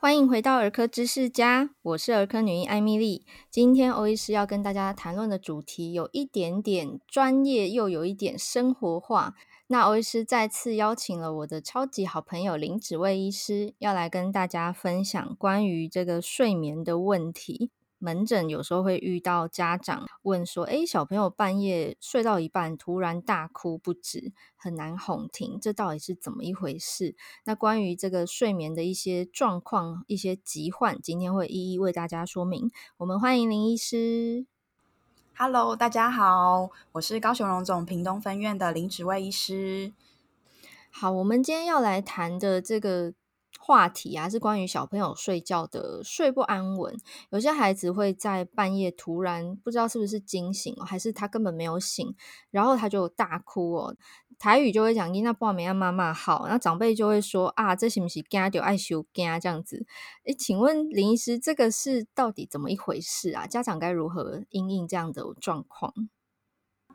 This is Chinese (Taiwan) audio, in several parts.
歡迎回到兒科知識家，我是兒科女醫艾蜜莉。今天歐醫師要跟大家談論的主題有一點點專業，又有一點生活化。那歐醫師再次邀請了我的超級好朋友林芷蔚醫師，要來跟大家分享關於這個睡眠的問題。門診有時候會遇到家長問說：“哎，小朋友半夜睡到一半，突然大哭不止，很難哄停，這到底是怎麼一回事？”那關於這個睡眠的一些狀況、一些疾患，今天會一一為大家說明。我們歡迎林醫師。Hello，大家好，我是高雄榮總屏東分院的林芷蔚醫師。好，我們今天要來談的這個。話題啊，是關於小朋友睡覺的睡不安穩，有些孩子會在半夜突然不知道是不是驚醒，還是他根本沒有醒，然後他就大哭哦。台語就會講“ 你那不好沒安媽媽好”，那長輩就會說：“啊，這是不是驚就愛收驚這樣子？”誒，請問林醫師，這個是到底怎麼一回事啊？家長該如何因應這樣的狀況？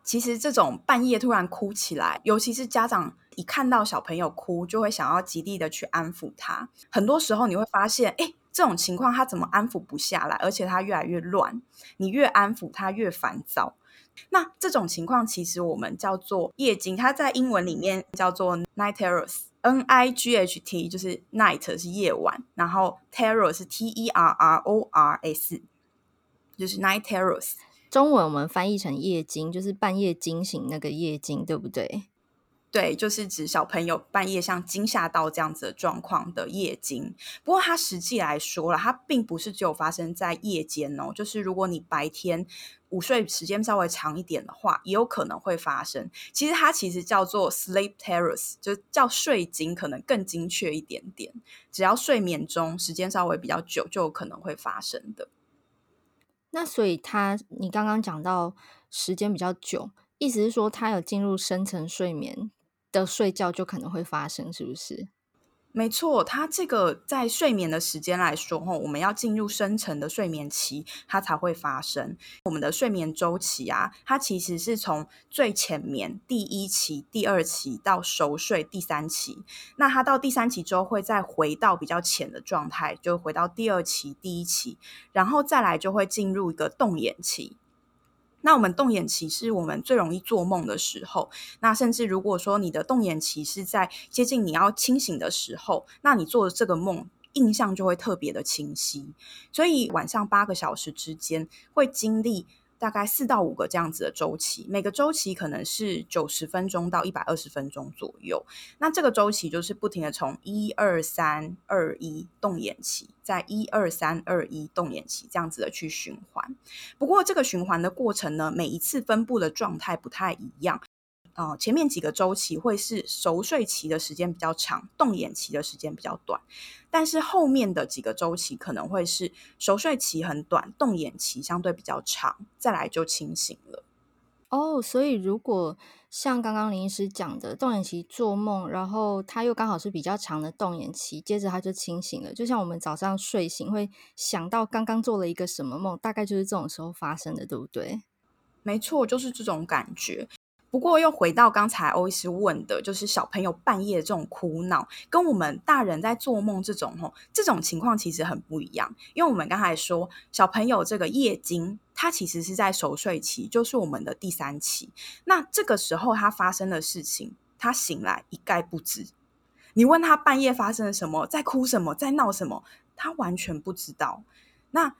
其實這種半夜突然哭起來，尤其是家長一看到小朋友哭，就會想要極力的去安撫他。很多時候你會發現，哎，這種情況他怎麼安撫不下來，而且他越來越亂，你越安撫他越煩躁。那這種情況其實我們叫做夜驚，它在英文裡面叫做 night terrors。N I G H T 就是 night 是夜晚，然後 terrors 是 T E R R O R S，就是 night terrors。中文我們翻譯成“夜驚”，就是半夜驚醒那個夜驚，對不對？對，就是指小朋友半夜像驚嚇到這樣子的狀況的夜驚。不過它實際來說啦，它並不是只有發生在夜間哦。就是如果你白天午睡時間稍微長一點的話，也有可能會發生。其實它其實叫做 “sleep terrors”，就叫睡驚，可能更精確一點點。只要睡眠中時間稍微比較久，就有可能會發生的。那所以他，你剛剛講到時間比較久，意思是說他有進入深層睡眠的睡覺就可能會發生，是不是？沒錯，它這個在睡眠的時間來說，哈，我們要進入深層的睡眠期，它才會發生。我們的睡眠週期啊，它其實是從最淺眠第一期、第二期到熟睡第三期。那它到第三期之後，會再回到比較淺的狀態，就回到第二期、第一期，然後再來就會進入一個動眼期。那我們動眼期是我們最容易做夢的時候。那甚至如果說你的動眼期是在接近你要清醒的時候，那你做的這個夢印象就會特別的清晰。所以晚上八個小時之間會經歷。大概四到五個這樣子的周期，每個周期可能是九十分鐘到一百二十分鐘左右。那這個周期就是不停的從一二三二一動眼期，在一二三二一動眼期這樣子的去循環。不過這個循環的過程呢，每一次分布的狀態不太一樣。啊，前面幾個周期會是熟睡期的時間比較長，動眼期的時間比較短，但是後面的幾個周期可能會是熟睡期很短，動眼期相對比較長，再來就清醒了。哦，所以如果像剛剛林醫師講的，動眼期做夢，然後他又剛好是比較長的動眼期，接着他就清醒了。就像我們早上睡醒會想到剛剛做了一個什麼夢，大概就是這種時候發生的，對不對？沒錯，就是這種感覺。不過又回到剛才歐醫師問的，就是小朋友半夜這種哭鬧跟我們大人在做夢這種這種情況其實很不一樣。因為我們剛才說，小朋友這個夜驚，他其實是在熟睡期，就是我們的第三期。那這個時候他發生的事情，他醒來一概不知。你問他半夜發生了什麼，在哭什麼，在鬧什麼，他完全不知道。那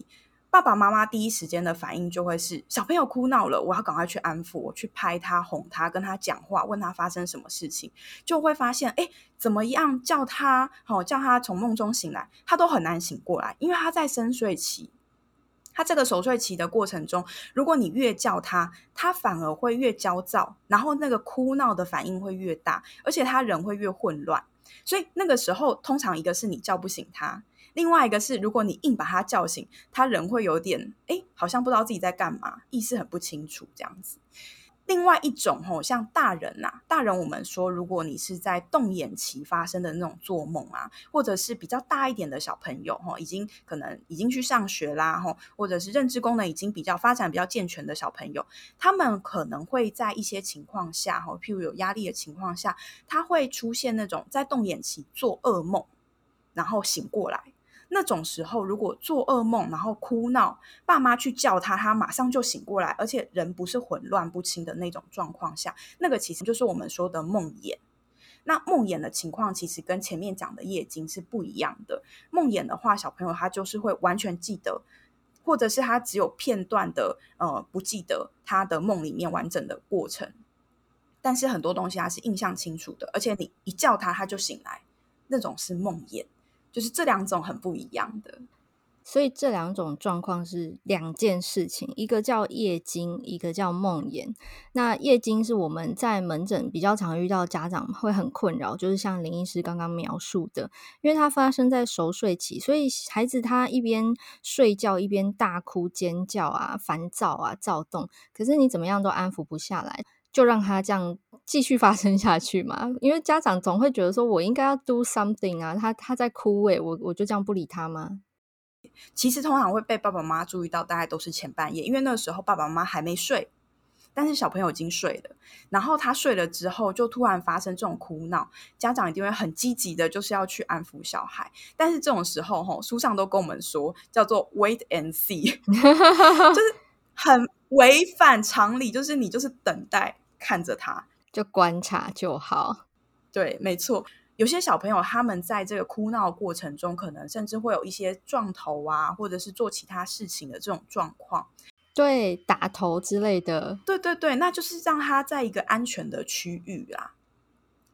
爸爸媽媽第一時間的反應就會是小朋友哭鬧了，我要趕快去安撫，我去拍他、哄他、跟他講話，問他發生什麼事情，就會發現，哎，怎麼樣叫他，好、哦、叫他從夢中醒來，他都很難醒過來，因為他在深睡期，他這個熟睡期的過程中，如果你越叫他，他反而會越焦躁，然後那個哭鬧的反應會越大，而且他人會越混亂，所以那個時候，通常一個是你叫不醒他。另外一個是，如果你硬把他叫醒，他人會有點，哎，好像不知道自己在幹嘛，意識很不清楚這樣子。另外一種吼，像大人吶、啊，大人我們說，如果你是在動眼期發生的那種做夢啊，或者是比較大一點的小朋友吼，已經可能已經去上學啦吼，或者是認知功能已經比較發展比較健全的小朋友，他們可能會在一些情況下吼，譬如有壓力的情況下，他會出現那種在動眼期做噩夢，然後醒過來。那種時候，如果做噩夢，然後哭鬧，爸媽去叫他，他馬上就醒過來，而且人不是混亂不清的那種狀況下，那個其實就是我們說的夢魘。那夢魘的情況其實跟前面講的夜驚是不一樣的。夢魘的話，小朋友他就是會完全記得，或者是他只有片段的，呃，不記得他的夢裡面完整的過程，但是很多東西他是印象清楚的，而且你一叫他他就醒來，那種是夢魘。就是這兩種很不一樣的，所以這兩種狀況是兩件事情，一個叫夜驚，一個叫夢魘。那夜驚是我們在門診比較常遇到的，家長會很困擾，就是像林醫師剛剛描述的，因為它發生在熟睡期，所以孩子他一邊睡覺一邊大哭尖叫啊，煩躁啊，躁動，可是你怎麼樣都安撫不下來。就讓他這樣繼續發生下去嘛？因為家長總會覺得說，我應該要 do something 啊。他他在哭，欸，我我就這樣不理他嗎？其實通常會被爸爸媽媽注意到，大概都是前半夜，因為那個時候爸爸媽媽還沒睡，但是小朋友已經睡了。然後他睡了之後，就突然發生這種哭鬧，家長一定會很積極的，就是要去安撫小孩。但是這種時候，書上都跟我們說叫做 wait and see， 就是很違反常理，就是你就是等待。看着他，就觀察就好。對，沒錯。有些小朋友，他們在這個哭鬧過程中，可能甚至會有一些撞頭啊，或者是做其他事情的這種狀況。對，打頭之類的。對對對，那就是讓他在一個安全的區域啊。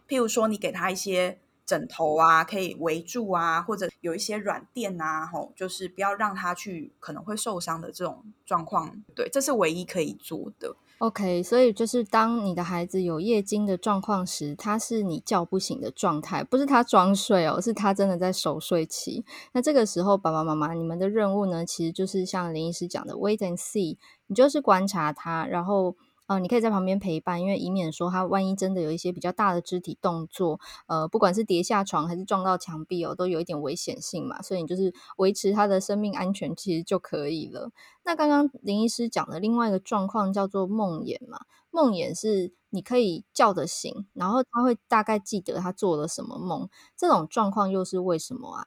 譬如說，你給他一些枕頭啊，可以圍住啊，或者有一些軟墊啊，吼，就是不要讓他去可能會受傷的這種狀況。對，這是唯一可以做的。OK，所以就是當你的孩子有夜驚的狀況時，他是你叫不醒的狀態，不是他裝睡哦，是他真的在熟睡期。那這個時候，爸爸媽媽，你們的任務呢，其實就是像林醫師講的，wait and see，你就是觀察他，然後。呃，你可以在旁邊陪伴，因為以免說他萬一真的有一些比較大的肢體動作，呃，不管是跌下床還是撞到牆壁哦，都有一點危險性嘛，所以你就是維持他的生命安全其實就可以了。那剛剛林醫師講的另外一個狀況叫做夢魘嘛，夢魘是你可以叫得醒，然後他會大概記得他做了什麼夢，這種狀況又是為什麼啊？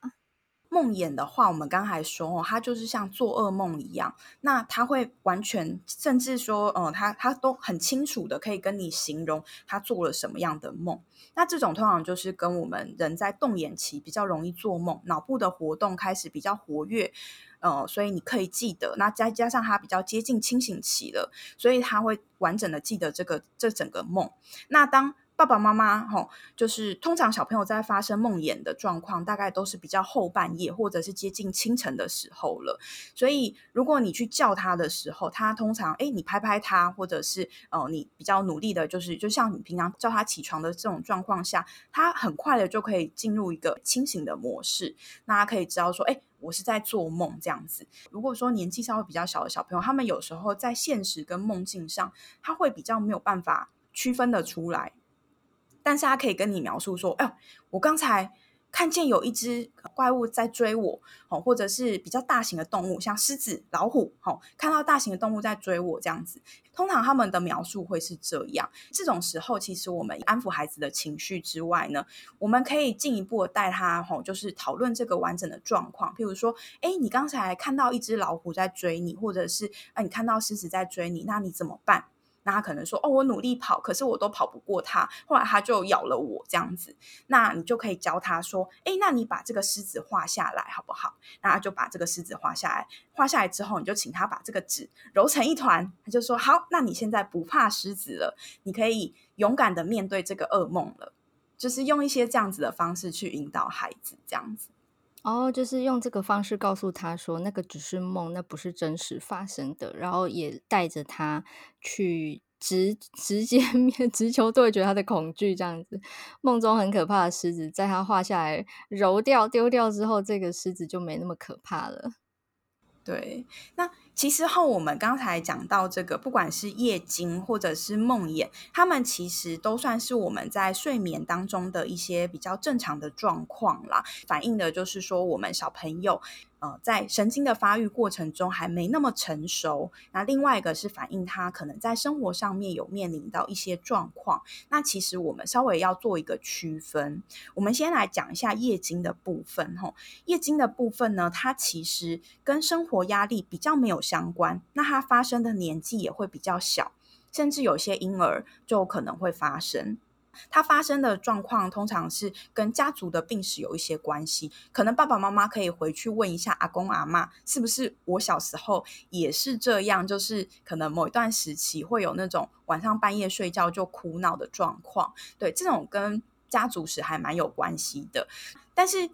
夢魘的話，我們剛才說哦，它就是像做噩夢一樣。那他會完全，甚至說，嗯、呃，他他都很清楚的可以跟你形容他做了什麼樣的夢。那這種通常就是跟我們人在動眼期比較容易做夢，腦部的活動開始比較活躍，呃，所以你可以記得。那再加上他比較接近清醒期了，所以他會完整的記得這個這整個夢。那當爸爸媽媽，吼、哦，就是通常小朋友在發生夢魘的狀況，大概都是比較後半夜或者是接近清晨的時候了。所以，如果你去叫他的時候，他通常，哎，你拍拍他，或者是，哦、呃，你比較努力的，就是就像你平常叫他起床的這種狀況下，他很快的就可以進入一個清醒的模式。那他可以知道說，哎，我是在做夢這樣子。如果說年紀稍微比較小的小朋友，他們有時候在現實跟夢境上，他會比較沒有辦法區分的出來。但是他可以跟你描述說：“哎，我剛才看見有一隻怪物在追我，哦，或者是比較大型的動物，像獅子、老虎，哦，看到大型的動物在追我這樣子。通常他們的描述會是這樣。這種時候，其實我們安撫孩子的情緒之外呢，我們可以進一步的帶他，哦，就是討論這個完整的狀況。譬如說，哎，你剛才看到一隻老虎在追你，或者是哎，你看到獅子在追你，那你怎麼辦？”那他可能說：“哦，我努力跑，可是我都跑不過他，後來他就咬了我這樣子。”那你就可以教他說：“哎，那你把這個獅子畫下來好不好？”那他就把這個獅子畫下來，畫下來之後，你就請他把這個紙揉成一團。他就說：“好，那你現在不怕獅子了，你可以勇敢地面對這個噩夢了。”就是用一些這樣子的方式去引導孩子這樣子。然後、oh, 就是用這個方式告訴他說，那個只是夢，那不是真實發生的。然後也帶着他去直直接面直球對決他的恐懼，這樣子夢中很可怕的獅子，在他畫下來揉掉丟掉之後，這個獅子就沒那麼可怕了。對，那。其實後我們剛才講到這個，不管是夜驚或者是夢魘，他們其實都算是我們在睡眠當中的一些比較正常的狀況啦，反映的就是說我們小朋友。呃，在神經的發育過程中還沒那麼成熟。那另外一個是反映他可能在生活上面有面臨到一些狀況。那其實我們稍微要做一個區分。我們先來講一下夜驚的部分，吼，夜驚的部分呢，它其實跟生活壓力比較沒有相關。那它發生的年紀也會比較小，甚至有些嬰兒就可能會發生。它發生的狀況通常是跟家族的病史有一些關係，可能爸爸媽媽可以回去問一下阿公阿嬤，是不是我小時候也是這樣，就是可能某一段時期會有那種晚上半夜睡覺就哭鬧的狀況。對，這種跟家族史還蠻有關係的。但是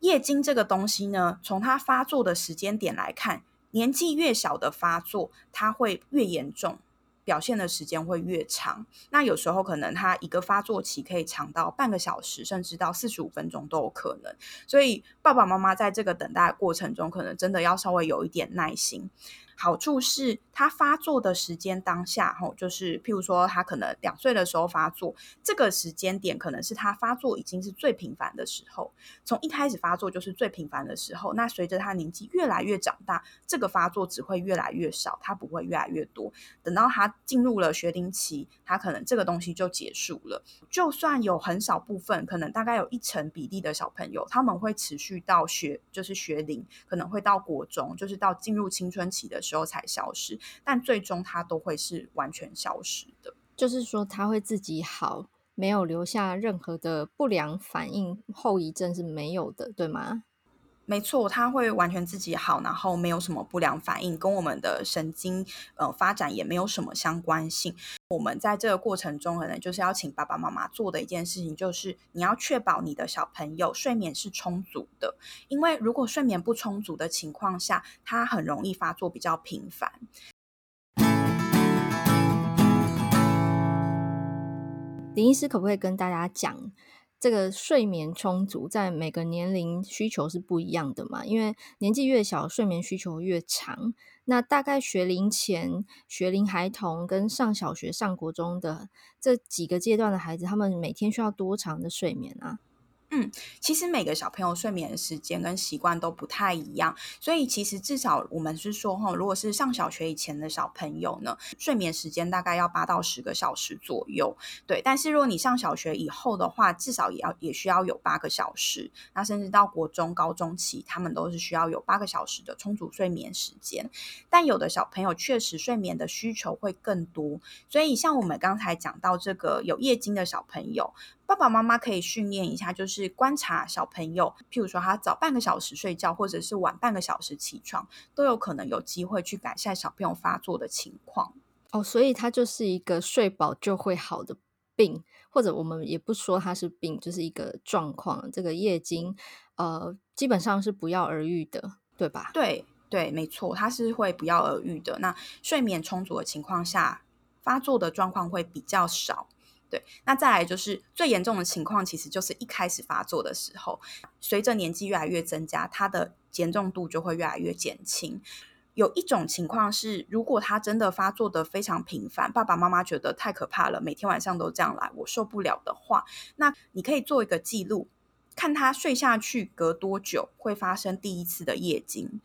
夜驚這個東西呢，從它發作的時間點來看，年紀越小的發作，它會越嚴重，表現的時間會越長，那有時候可能他一個發作期可以長到半個小時，甚至到四十五分鐘都有可能。所以爸爸媽媽在這個等待過程中，可能真的要稍微有一點耐心。好處是，他發作的時間當下，吼，就是譬如說，他可能兩歲的時候發作，這個時間點可能是他發作已經是最頻繁的時候，從一開始發作就是最頻繁的時候。那隨着他年紀越來越長大，這個發作只會越來越少，他不會越來越多。等到他進入了學齡期，他可能這個東西就結束了。就算有很少部分，可能大概有一成比例的小朋友，他們會持續到學就是學齡，可能會到國中，就是到進入青春期的時候。時候才消失，但最終它都會是完全消失的。就是說，它會自己好，沒有留下任何的不良反應，後遺症是沒有的，對嗎？沒錯，他會完全自己好，然後沒有什麼不良反應，跟我們的神經呃發展也沒有什麼相關性。我們在這個過程中，可能就是要請爸爸媽媽做的一件事情，就是你要確保你的小朋友睡眠是充足的，因為如果睡眠不充足的情況下，他很容易發作比較頻繁。林醫師可不可以跟大家講？這個睡眠充足，在每個年齡需求是不一樣的嘛，因為年紀越小，睡眠需求越長。那大概學齡前、學齡孩童跟上小學、上國中的這幾個階段的孩子，他們每天需要多長的睡眠啊？嗯，其實每個小朋友睡眠的時間跟習慣都不太一樣，所以其實至少我們是說，哈，如果是上小學以前的小朋友呢，睡眠時間大概要八到十個小時左右，對。但是如果你上小學以後的話，至少也要也需要有八個小時，那甚至到國中、高中期，他們都是需要有八個小時的充足睡眠時間。但有的小朋友確實睡眠的需求會更多，所以像我們剛才講到這個有夜驚的小朋友。爸爸媽媽可以訓練一下，就是觀察小朋友，譬如說他早半個小時睡覺，或者是晚半個小時起床，都有可能有機會去改善小朋友發作的情況。哦，所以他就是一個睡飽就會好的病，或者我們也不說他是病，就是一個狀況。這個夜驚，呃，基本上是不藥而愈的，對吧？對對，沒錯，它是會不藥而愈的。那睡眠充足的情況下，發作的狀況會比較少。對，那再來就是最嚴重的情況，其實就是一開始發作的時候，隨着年紀越來越增加，它的嚴重度就會越來越減輕。有一種情況是，如果他真的發作得非常頻繁，爸爸媽媽覺得太可怕了，每天晚上都這樣來，我受不了的話，那你可以做一個記錄，看他睡下去隔多久會發生第一次的夜驚。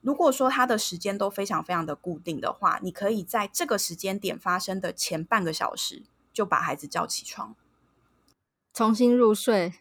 如果說他的時間都非常非常的固定的話，你可以在這個時間點發生的前半個小時。就把孩子叫起床，重新入睡。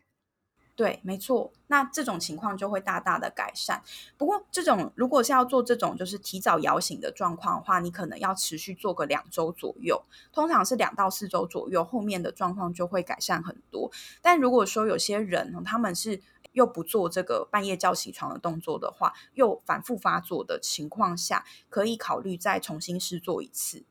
對，沒錯。那這種情況就會大大的改善。不過，這種如果是要做這種就是提早搖醒的狀況的話，你可能要持續做個兩周左右，通常是兩到四周左右，後面的狀況就會改善很多。但如果說有些人他們是又不做這個半夜叫起床的動作的話，又反复發作的情況下，可以考慮再重新試做一次。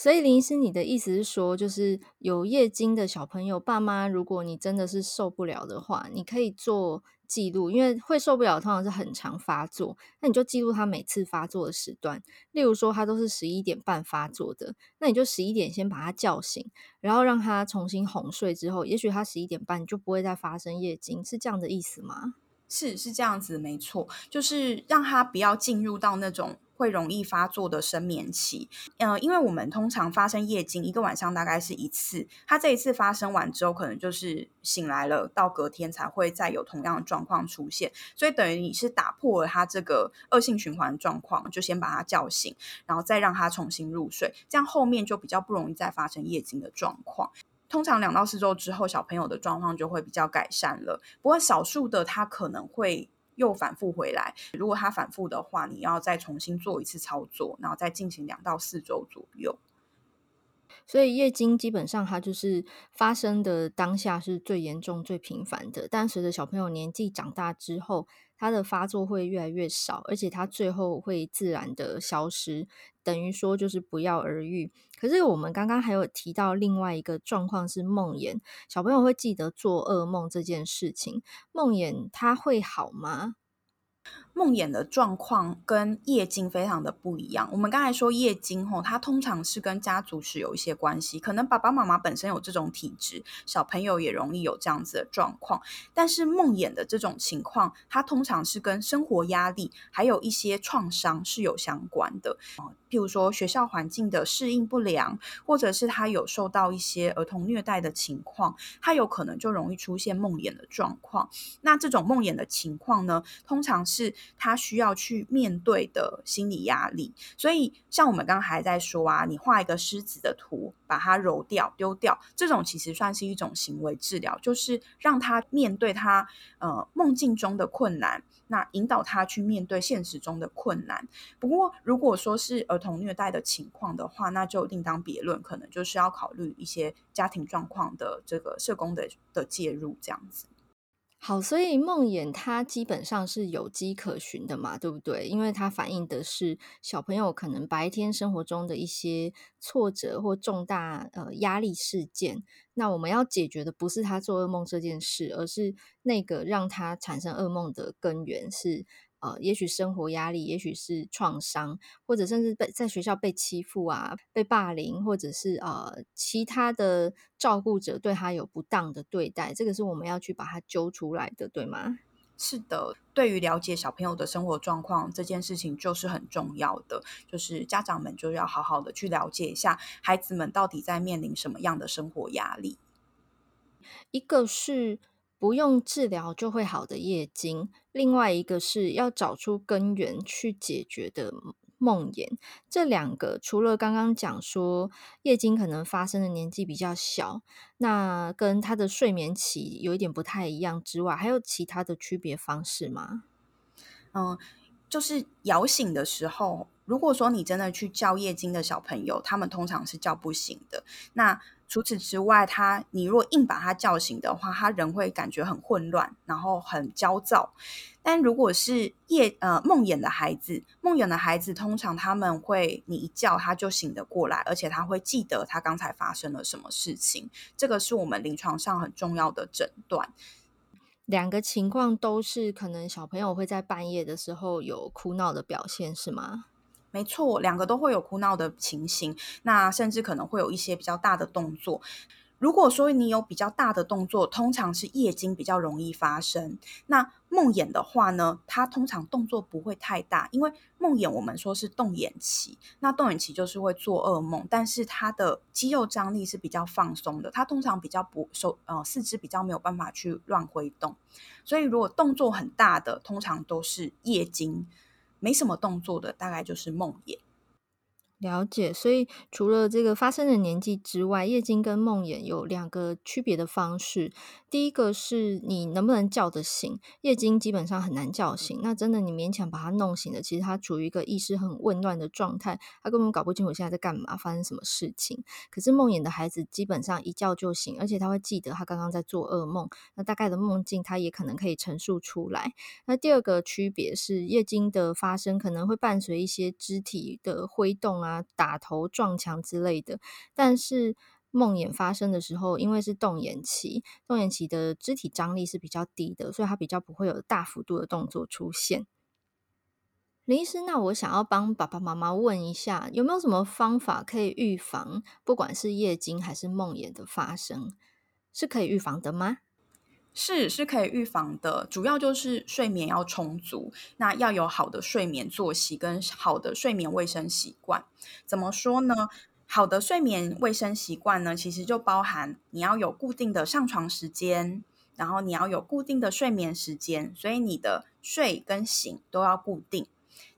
所以林醫師，你的意思是說，就是有夜驚的小朋友，爸媽，如果你真的是受不了的話，你可以做記錄，因為會受不了，通常是很常發作。那你就記錄他每次發作的時段，例如說他都是十一點半發作的，那你就十一點先把他叫醒，然後讓他重新哄睡之後，也許他十一點半你就不會再發生夜驚，是這樣的意思嗎？是是這樣子，沒錯，就是讓他不要進入到那種。會容易發作的深眠期，嗯、呃，因為我們通常發生夜驚一個晚上大概是一次，他這一次發生完之後，可能就是醒來了，到隔天才會再有同樣的狀況出現，所以等於你是打破了他這個惡性循環狀況，就先把他叫醒，然後再讓他重新入睡，這樣後面就比較不容易再發生夜驚的狀況。通常兩到四周之後，小朋友的狀況就會比較改善了。不過少數的他可能會。又反覆回來，如果他反覆的話，你要再重新做一次操作，然後再進行兩到四周左右。所以夜驚基本上它就是發生的當下是最嚴重、最頻繁的，但隨着小朋友年紀長大之後，他的發作會越來越少，而且他最後會自然的消失，等於說就是不藥而癒。可是我們剛剛還有提到另外一個狀況是夢魘，小朋友會記得做噩夢這件事情，夢魘他會好嗎？夢魘的狀況跟夜驚非常的不一樣。我們剛才說夜驚吼，它通常是跟家族史有一些關係，可能爸爸媽媽本身有這種體質，小朋友也容易有這樣子的狀況。但是夢魘的這種情況，它通常是跟生活壓力還有一些創傷是有相關的。譬如說學校環境的適應不良，或者是他有受到一些兒童虐待的情況，他有可能就容易出現夢魘的狀況。那這種夢魘的情況呢，通常是。他需要去面對的心理壓力，所以像我們剛剛還在說啊，你畫一個獅子的圖，把它揉掉丟掉，這種其實算是一種行為治療，就是讓他面對他呃夢境中的困難，那引導他去面對現實中的困難。不過如果說是兒童虐待的情況的話，那就另當別論，可能就是要考慮一些家庭狀況的這個社工的的介入這樣子。好，所以夢魘它基本上是有跡可循的嘛，對不對？因為它反映的是小朋友可能白天生活中的一些挫折或重大呃壓力事件。那我們要解決的不是他做噩夢這件事，而是那個讓他產生噩夢的根源是。呃，也許生活壓力，也許是創傷，或者甚至被在學校被欺負啊，被霸凌，或者是呃其他的照顧者對他有不當的對待，這個是我們要去把他揪出來的，對嗎？是的。對於了解小朋友的生活狀況這件事情，就是很重要的，就是家長們就要好好的去了解一下孩子們到底在面臨什麼樣的生活壓力，一個是，不用治療就會好的夜驚，另外一個是要找出根源去解決的夢魘。這兩個除了剛剛講說夜驚可能發生的年紀比較小，那跟他的睡眠期有一點不太一樣之外，還有其他的區別方式嗎？嗯，就是搖醒的時候，如果說你真的去叫夜驚的小朋友，他們通常是叫不醒的。那除此之外，他你如果硬把他叫醒的話，他人會感覺很混亂，然後很焦躁。但如果是夜呃夢魘的孩子，夢魘的孩子通常他們會你一叫他就醒得過來，而且他會記得他剛才發生了什麼事情。這個是我們臨床上很重要的診斷。兩個情況都是可能小朋友會在半夜的時候有哭鬧的表現，是嗎？沒錯，兩個都會有哭鬧的情形，那甚至可能會有一些比較大的動作。如果說你有比較大的動作，通常是夜驚比較容易發生。那夢魘的話呢，它通常動作不會太大，因為夢魘我們說是動眼期，那動眼期就是會做噩夢，但是它的肌肉張力是比較放鬆的，它通常比較不，手，呃，四肢比較沒有辦法去亂揮動，所以如果動作很大的，通常都是夜驚。沒什麼動作的，大概就是夢魘。了解，所以除了這個發生的年紀之外，夜驚跟夢魘有兩個區別的方式。第一個是你能不能叫得醒，夜驚基本上很難叫醒，那真的你勉強把他弄醒了，其實他處於一個意識很混亂的狀態，他根本搞不清楚現在在幹嘛，發生什麼事情。可是夢魘的孩子基本上一叫就醒，而且他會記得他剛剛在做噩夢，那大概的夢境他也可能可以陳述出來。那第二個區別是夜驚的發生可能會伴隨一些肢體的揮動啊。啊，打頭撞牆之類的。但是夢魘發生的時候，因為是動眼期，動眼期的肢體張力是比較低的，所以他比較不會有大幅度的動作出現。林醫師，那我想要幫爸爸媽媽問一下，有沒有什麼方法可以預防，不管是夜驚還是夢魘的發生，是可以預防的嗎？是，是可以預防的，主要就是睡眠要充足，那要有好的睡眠作息跟好的睡眠衛生習慣。怎麼說呢？好的睡眠衛生習慣呢，其實就包含你要有固定的上床時間，然後你要有固定的睡眠時間，所以你的睡跟醒都要固定。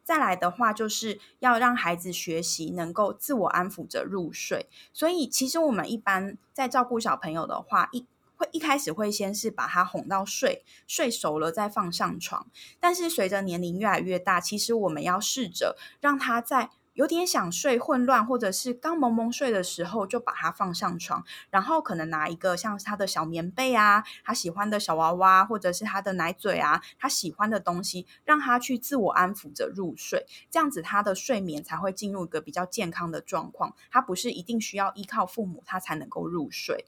再來的話，就是要讓孩子學習能夠自我安撫着入睡。所以其實我們一般在照顧小朋友的話，一會一開始會先是把他哄到睡，睡熟了再放上床，但是隨着年齡越來越大，其實我們要試着讓他在有點想睡混亂，或者是剛蒙蒙睡的時候，就把他放上床，然後可能拿一個像他的小棉被啊，他喜歡的小娃娃，或者是他的奶嘴啊，他喜歡的東西，讓他去自我安撫着入睡，這樣子他的睡眠才會進入一個比較健康的狀況。他不是一定需要依靠父母，他才能夠入睡。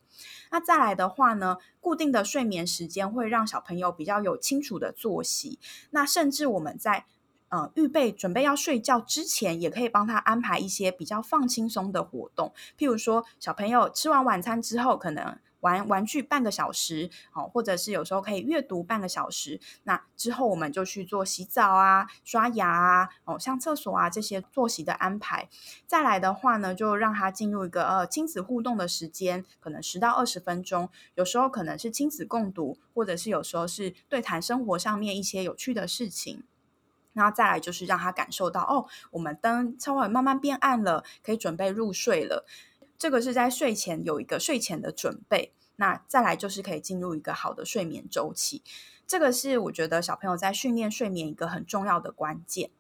那再來的話呢，固定的睡眠時間會讓小朋友比較有清楚的作息。那甚至我們在呃，預備準備要睡覺之前，也可以幫他安排一些比較放輕鬆的活動，譬如說小朋友吃完晚餐之後，可能玩玩具半個小時，哦，或者是有時候可以閱讀半個小時。那之後我們就去做洗澡啊、刷牙啊、哦、上廁所啊這些作息的安排。再來的話呢，就讓他進入一個呃親子互動的時間，可能十到二十分鐘，有時候可能是親子共讀，或者是有時候是對談生活上面一些有趣的事情。那再來就是讓他感受到哦，我們燈稍微慢慢變暗了，可以準備入睡了。這個是在睡前有一個睡前的準備。那再來就是可以進入一個好的睡眠週期。這個是我覺得小朋友在訓練睡眠一個很重要的關鍵。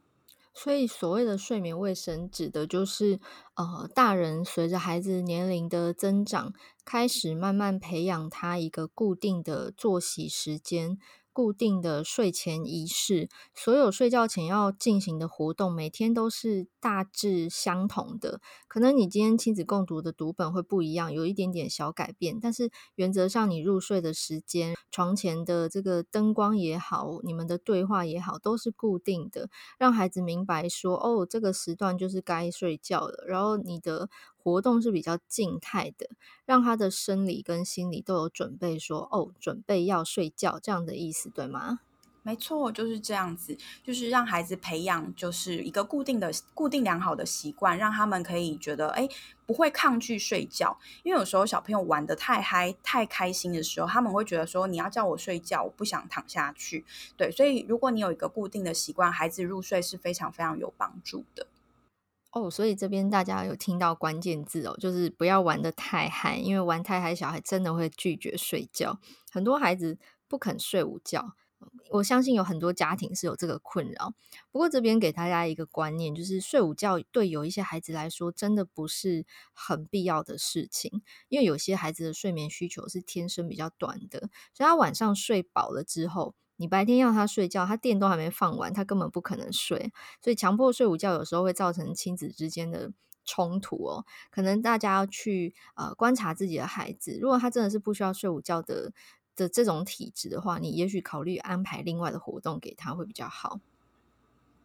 所以所謂的睡眠衛生，指的就是呃，大人隨着孩子年齡的增長，開始慢慢培養他一個固定的作息時間。固定的睡前儀式，所有睡覺前要進行的活動，每天都是大致相同的。可能你今天親子共讀的讀本會不一樣，有一點點小改變，但是原則上你入睡的時間、床前的這個燈光也好，你們的對話也好，都是固定的，讓孩子明白說哦，這個時段就是該睡覺了。然後你的。活動是比較靜態的，讓他的生理跟心理都有準備說，說哦，準備要睡覺這樣的意思，對嗎？沒錯，就是這樣子，就是讓孩子培養就是一個固定的、固定良好的習慣，讓他們可以覺得誒，不會抗拒睡覺。因為有時候小朋友玩得太嗨、太開心的時候，他們會覺得說，你要叫我睡覺，我不想躺下去。對，所以如果你有一個固定的習慣，孩子入睡是非常非常有幫助的。哦，oh, 所以這邊大家有聽到關鍵字哦、喔，就是不要玩得太嗨，因為玩太嗨，小孩真的會拒絕睡覺。很多孩子不肯睡午覺，我相信有很多家庭是有這個困擾。不過這邊給大家一個觀念，就是睡午覺對有一些孩子來說，真的不是很必要的事情，因為有些孩子的睡眠需求是天生比較短的，所以他晚上睡飽了之後。你白天要他睡覺，他電都還沒放完，他根本不可能睡。所以強迫睡午覺有時候會造成親子之間的衝突哦。可能大家要去呃觀察自己的孩子，如果他真的是不需要睡午覺的的這種體質的話，你也許考慮安排另外的活動給他會比較好。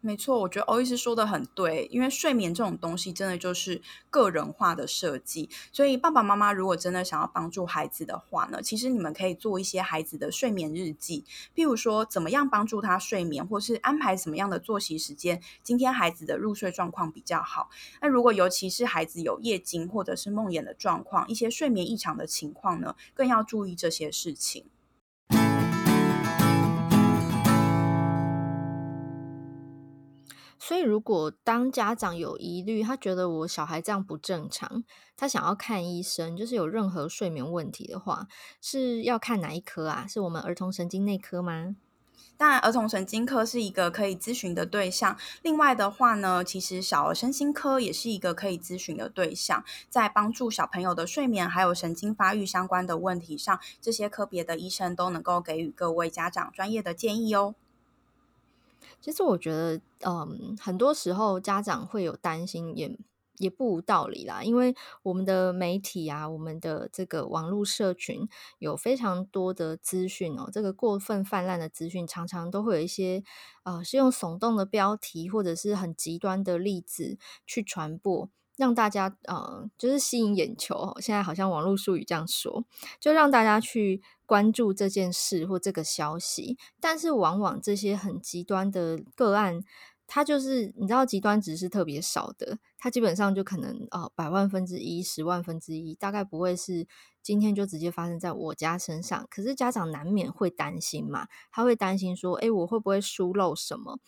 沒錯，我覺得歐醫師說得很對，因為睡眠這種東西真的就是個人化的設計，所以爸爸媽媽如果真的想要幫助孩子的話呢，其實你們可以做一些孩子的睡眠日記，譬如說怎麼樣幫助他睡眠，或是安排什麼樣的作息時間。今天孩子的入睡狀況比較好，那如果尤其是孩子有夜驚或者是夢魘的狀況，一些睡眠異常的情況呢，更要注意這些事情。所以，如果當家長有疑慮，他覺得我小孩這樣不正常，他想要看醫生，就是有任何睡眠問題的話，是要看哪一科啊？是我們兒童神經內科嗎？當然，兒童神經科是一個可以諮詢的對象。另外的話呢，其實小兒身心科也是一個可以諮詢的對象，在幫助小朋友的睡眠還有神經發育相關的問題上，這些科別的醫生都能夠給予各位家長專業的建議哦。其實我覺得，嗯，很多時候家長會有擔心也，也也不無道理啦。因為我們的媒體啊，我們的這個網絡社群有非常多的資訊哦，這個過分泛濫的資訊，常常都會有一些，呃，是用聳動的標題或者是很極端的例子去傳播。讓大家呃，就是吸引眼球，現在好像網絡術語這樣說，就讓大家去關注這件事或這個消息。但是往往這些很極端的個案，它就是你知道，極端值是特別少的，它基本上就可能哦、呃，百萬分之一、十萬分之一，大概不會是今天就直接發生在我家身上。可是家長難免會擔心嘛，他會擔心說，哎，我會不會疏漏什麼？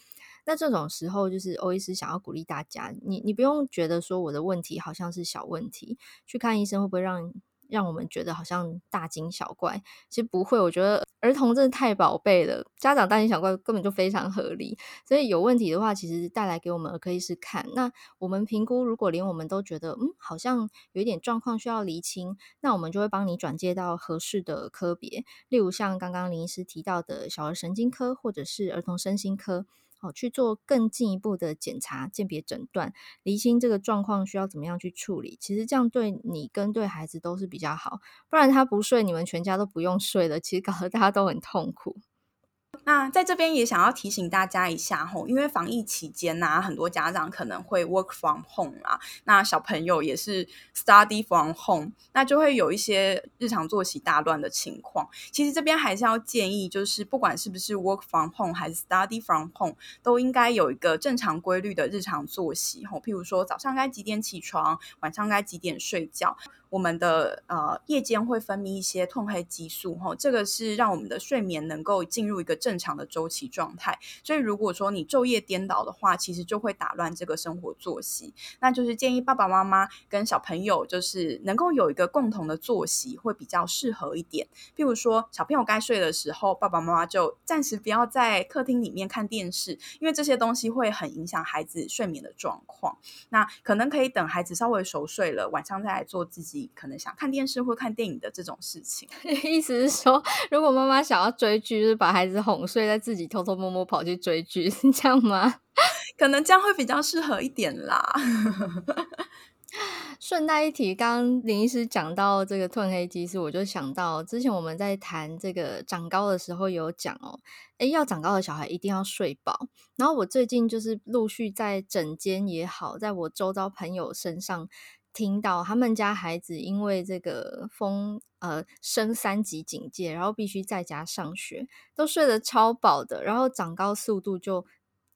那這種時候，就是歐醫師想要鼓勵大家，你你不用覺得說我的問題好像是小問題，去看醫生會不會讓讓我們覺得好像大驚小怪？其實不會，我覺得兒童真的太寶貝了，家長大驚小怪根本就非常合理。所以有問題的話，其實帶來給我們兒科醫師看。那我們評估，如果連我們都覺得嗯，好像有一點狀況需要釐清，那我們就會幫你轉介到合適的科別，例如像剛剛林醫師提到的小兒神經科或者是兒童身心科。好，去做更進一步的檢查、鑑別診斷。釐清這個狀況需要怎麼樣去處理。其實這樣對你跟對孩子都是比較好，不然他不睡，你們全家都不用睡了。其實搞得大家都很痛苦。那在這邊也想要提醒大家一下吼，因為防疫期間吶、啊，很多家長可能會 work from home 啊，那小朋友也是 study from home，那就會有一些日常作息大亂的情況。其實這邊還是要建議，就是不管是不是 work from home 還是 study from home，都應該有一個正常規律的日常作息吼，譬如說早上該幾點起床，晚上該幾點睡覺。我們的呃夜間會分泌一些褪黑激素，吼，這個是讓我們的睡眠能夠進入一個正常的週期狀態。所以如果說你晝夜顛倒的話，其實就會打亂這個生活作息。那就是建議爸爸媽媽跟小朋友就是能夠有一個共同的作息，會比較適合一點。譬如說小朋友該睡的時候，爸爸媽媽就暫時不要在客廳裡面看電視，因為這些東西會很影響孩子睡眠的狀況。那可能可以等孩子稍微熟睡了，晚上再來做自己可能想看電視或看電影的這種事情，意思是說，如果媽媽想要追劇，就是把孩子哄睡，再自己偷偷摸摸跑去追劇，這樣嗎？可能這樣會比較適合一點啦。順帶 一提，剛剛林醫師講到這個褪黑激素，我就想到之前我們在談這個長高的時候有講哦、喔欸，要長高的小孩一定要睡飽。然後我最近就是陸續在診間也好，在我周遭朋友身上。聽到他們家孩子因為這個風呃，升三級警戒，然後必須在家上學，都睡得超飽的，然後長高速度就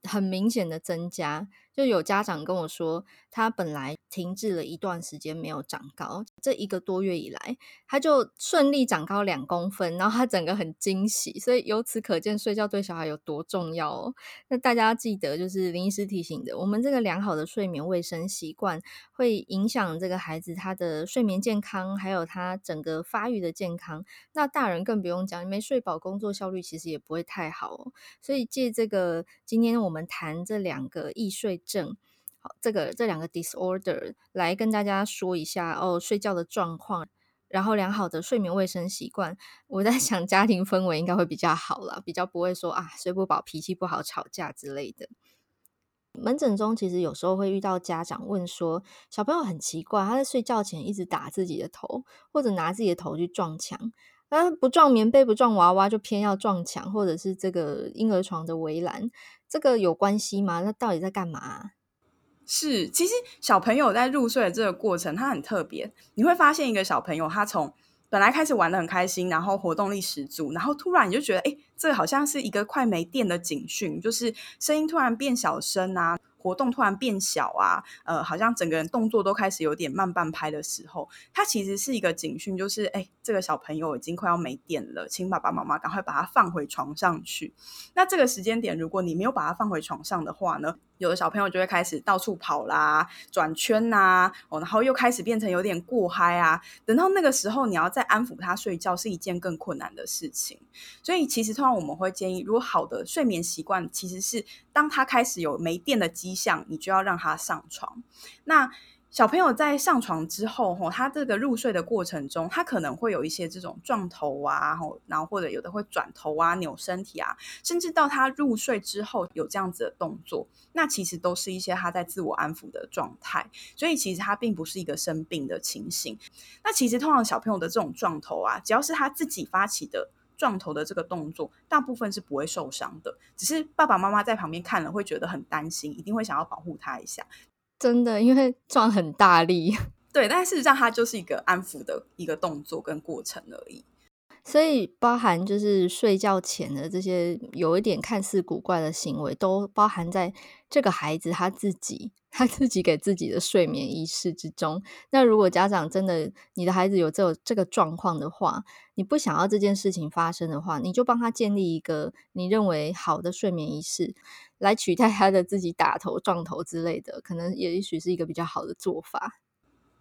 很明顯的增加，就有家長跟我說，他本來停滯了一段時間沒有長高，這一個多月以來，他就順利長高兩公分，然後他整個很驚喜，所以由此可見，睡覺對小孩有多重要哦。那大家要記得，就是林醫師提醒的，我們這個良好的睡眠衛生習慣，會影響這個孩子他的睡眠健康，還有他整個發育的健康。那大人更不用講，沒睡飽，工作效率其實也不會太好哦。所以借這個，今天我們談這兩個易睡症，這個這兩個 disorder 來跟大家說一下哦，睡覺的狀況，然後良好的睡眠衛生習慣。我在想，家庭氛圍應該會比較好啦，比較不會說啊睡不飽、脾氣不好、吵架之類的。門診中其實有時候會遇到家長問說，小朋友很奇怪，他在睡覺前一直打自己的頭，或者拿自己的頭去撞牆，啊，不撞棉被不撞娃娃，就偏要撞牆，或者是這個嬰兒床的圍欄。這個有關係嗎？那到底在幹嘛？是，其實小朋友在入睡的這個過程，他很特別。你會發現一個小朋友，他從本來開始玩得很開心，然後活動力十足，然後突然你就覺得，哎，這好像是一個快沒電的警訊，就是聲音突然變小聲啊。活動突然變小啊，呃，好像整個人動作都開始有點慢半拍的時候，他其實是一個警訊，就是哎、欸，這個小朋友已經快要沒電了，請爸爸媽媽趕快把他放回床上去。那這個時間點，如果你沒有把他放回床上的話呢，有的小朋友就會開始到處跑啦、轉圈吶、啊，哦，然後又開始變成有點過嗨啊。等到那個時候，你要再安撫他睡覺是一件更困難的事情。所以其實通常我們會建議，如果好的睡眠習慣，其實是當他開始有沒電的機。想你就要讓他上床。那小朋友在上床之後，他這個入睡的過程中，他可能會有一些這種撞頭啊，然後或者有的會轉頭啊、扭身體啊，甚至到他入睡之後有這樣子的動作，那其實都是一些他在自我安撫的狀態。所以其實他並不是一個生病的情形。那其實通常小朋友的這種撞頭啊，只要是他自己發起的。撞頭的這個動作，大部分是不會受傷的，只是爸爸媽媽在旁邊看了會覺得很擔心，一定會想要保護他一下。真的，因為撞很大力，對，但事實上他就是一個安撫的一個動作跟過程而已。所以，包含就是睡覺前的這些有一點看似古怪的行為，都包含在這個孩子他自己。他自己給自己的睡眠儀式之中，那如果家長真的你的孩子有這這個狀況的話，你不想要這件事情發生的話，你就幫他建立一個你認為好的睡眠儀式，來取代他的自己打頭撞頭之類的，可能也許是一個比較好的做法。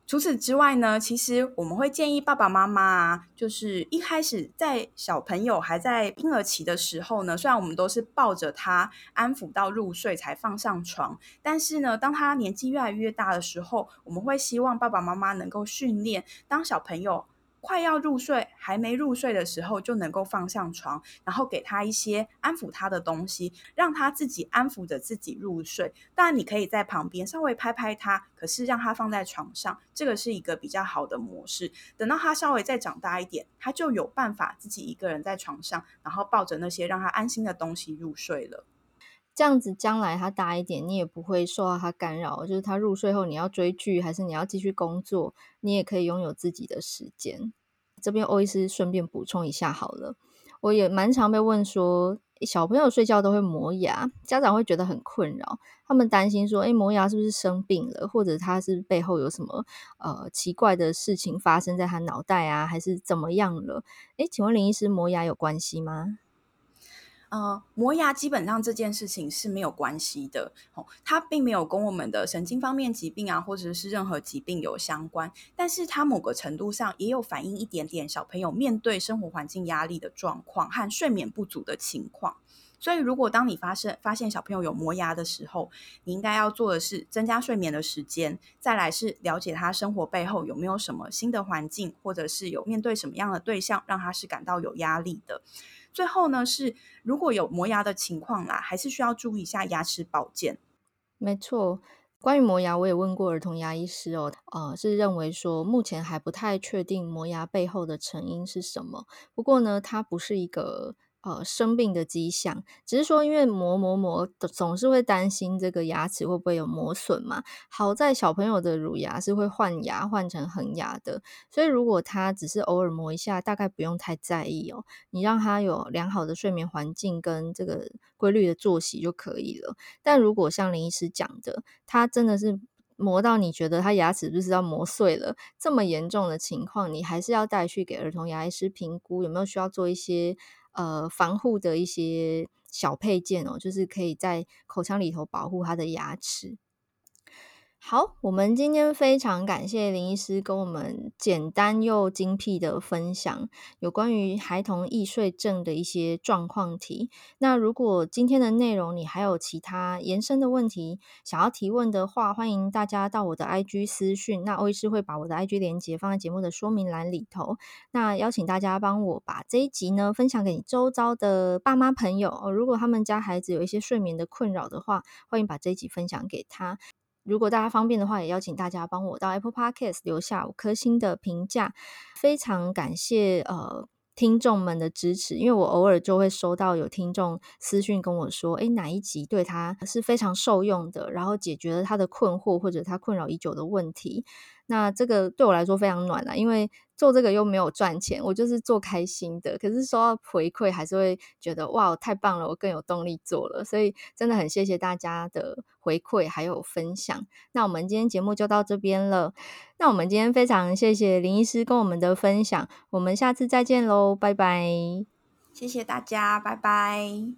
除此之外呢，其實我們會建議爸爸媽媽，啊，就是一開始在小朋友還在嬰兒期的時候呢，雖然我們都是抱着他安撫到入睡才放上床，但是呢，當他年紀越來越大的時候，我們會希望爸爸媽媽能夠訓練當小朋友，快要入睡，還沒入睡的時候，就能夠放上床，然後給他一些安撫他的東西，讓他自己安撫着自己入睡。當然你可以在旁邊稍微拍拍他，可是讓他放在床上，這個是一個比較好的模式。等到他稍微再長大一點，他就有辦法自己一個人在床上，然後抱着那些讓他安心的東西入睡了。這樣子將來他大一點，你也不會受到他干擾。就是他入睡後，你要追劇還是你要繼續工作，你也可以擁有自己的時間。這邊歐醫師順便補充一下好了，我也蠻常被問說，小朋友睡覺都會磨牙，家長會覺得很困擾，他們擔心說，誒，磨牙是不是生病了，或者他是背後有什麼呃奇怪的事情發生在他腦袋啊，還是怎麼樣了？誒，請問林醫師，磨牙有關係嗎？嗯、呃，磨牙基本上這件事情是沒有關係的，吼、哦，它並沒有跟我們的神經方面疾病啊，或者是任何疾病有相關。但是它某個程度上也有反映一點點小朋友面對生活環境壓力的狀況和睡眠不足的情況。所以，如果當你發生發現小朋友有磨牙的時候，你應該要做的是增加睡眠的時間，再來是了解他生活背後有沒有什麼新的環境，或者是有面對什麼樣的對象，讓他是感到有壓力的。最後呢，是如果有磨牙的情況啦、啊，還是需要注意一下牙齒保健。沒錯，關於磨牙，我也問過兒童牙醫師哦，呃，是認為說目前還不太確定磨牙背後的成因是什麼。不過呢，它不是一個。呃，生病的跡象，只是說，因為磨磨磨，總是會擔心這個牙齒會不會有磨損嘛。好在小朋友的乳牙是會換牙，換成恆牙的，所以如果他只是偶爾磨一下，大概不用太在意哦。你讓他有良好的睡眠環境跟這個規律的作息就可以了。但如果像林醫師講的，他真的是磨到你覺得他牙齒就是要磨碎了，這麼嚴重的情況，你還是要帶去給兒童牙醫師評估，有沒有需要做一些。呃，防護的一些小配件哦，就是可以在口腔裡頭保護他的牙齒。好，我們今天非常感謝林醫師跟我們簡單又精闢的分享有關於孩童異睡症的一些狀況題。那如果今天的內容你還有其他延伸的問題想要提問的話，歡迎大家到我的 IG 私訊。那歐醫師會把我的 IG 鏈接放在節目的說明欄裡頭。那邀請大家幫我把這一集呢分享給你周遭的爸媽朋友哦。如果他們家孩子有一些睡眠的困擾的話，歡迎把這一集分享給他。如果大家方便的話，也邀請大家幫我到 Apple Podcast 留下五顆星的評價，非常感謝呃聽眾們的支持，因為我偶爾就會收到有聽眾私訊跟我說，誒，哪一集對他是非常受用的，然後解決了他的困惑或者他困擾已久的問題。那這個對我來說非常暖了，因為做這個又沒有賺錢，我就是做開心的。可是收到回饋，還是會覺得哇，太棒了，我更有動力做了。所以真的很謝謝大家的回饋還有分享。那我們今天節目就到這邊了。那我們今天非常謝謝林醫師跟我們的分享，我們下次再見嘍，拜拜，謝謝大家，拜拜。